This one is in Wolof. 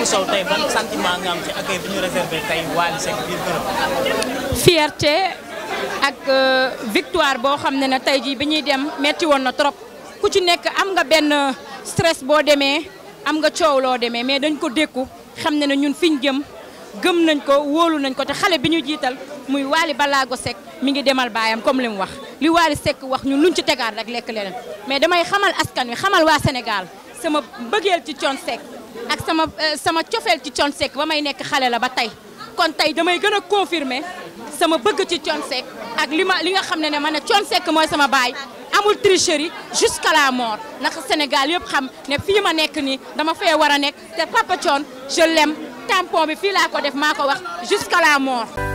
Oumou Sow tey ban sentiment nga am ci accueil bi ñu réservé tey Wally Seck biir këram. fierté ak euh, victoire boo xam ne ne tey jii bi ñuy dem metti woon na trop ku ci nekk am nga benn stress boo demee am nga coow loo demee mais dañ ko dékku xam ne ne ñun fi ñu jëm gëm nañ ko wóolu nañ ko te xale bi ñu jiital muy waali Wally Ballago Seck mu ngi demal baayam comme li mu wax li Wally Seck wax ñun luñ ci tegaat rek lekk leneen mais damay xamal askan wi xamal waa Sénégal sama bëggeel ci Thione Seck ak sama euh, sama cofeel ci Thione Seck ba may nekk xale la ba tey kon tey damay gën a confirmer sama bëgg ci Thione ak li ma li nga xam ne ne man ne Thione Seck mooy sama baay amul tricherie jusqu'à la mort ndax Sénégal yëpp xam ne fii ma nekk nii dama fee war a nekk te Papa Thione je l'aime tampon bi fii laa ko def maa ko wax jusqu'à la mort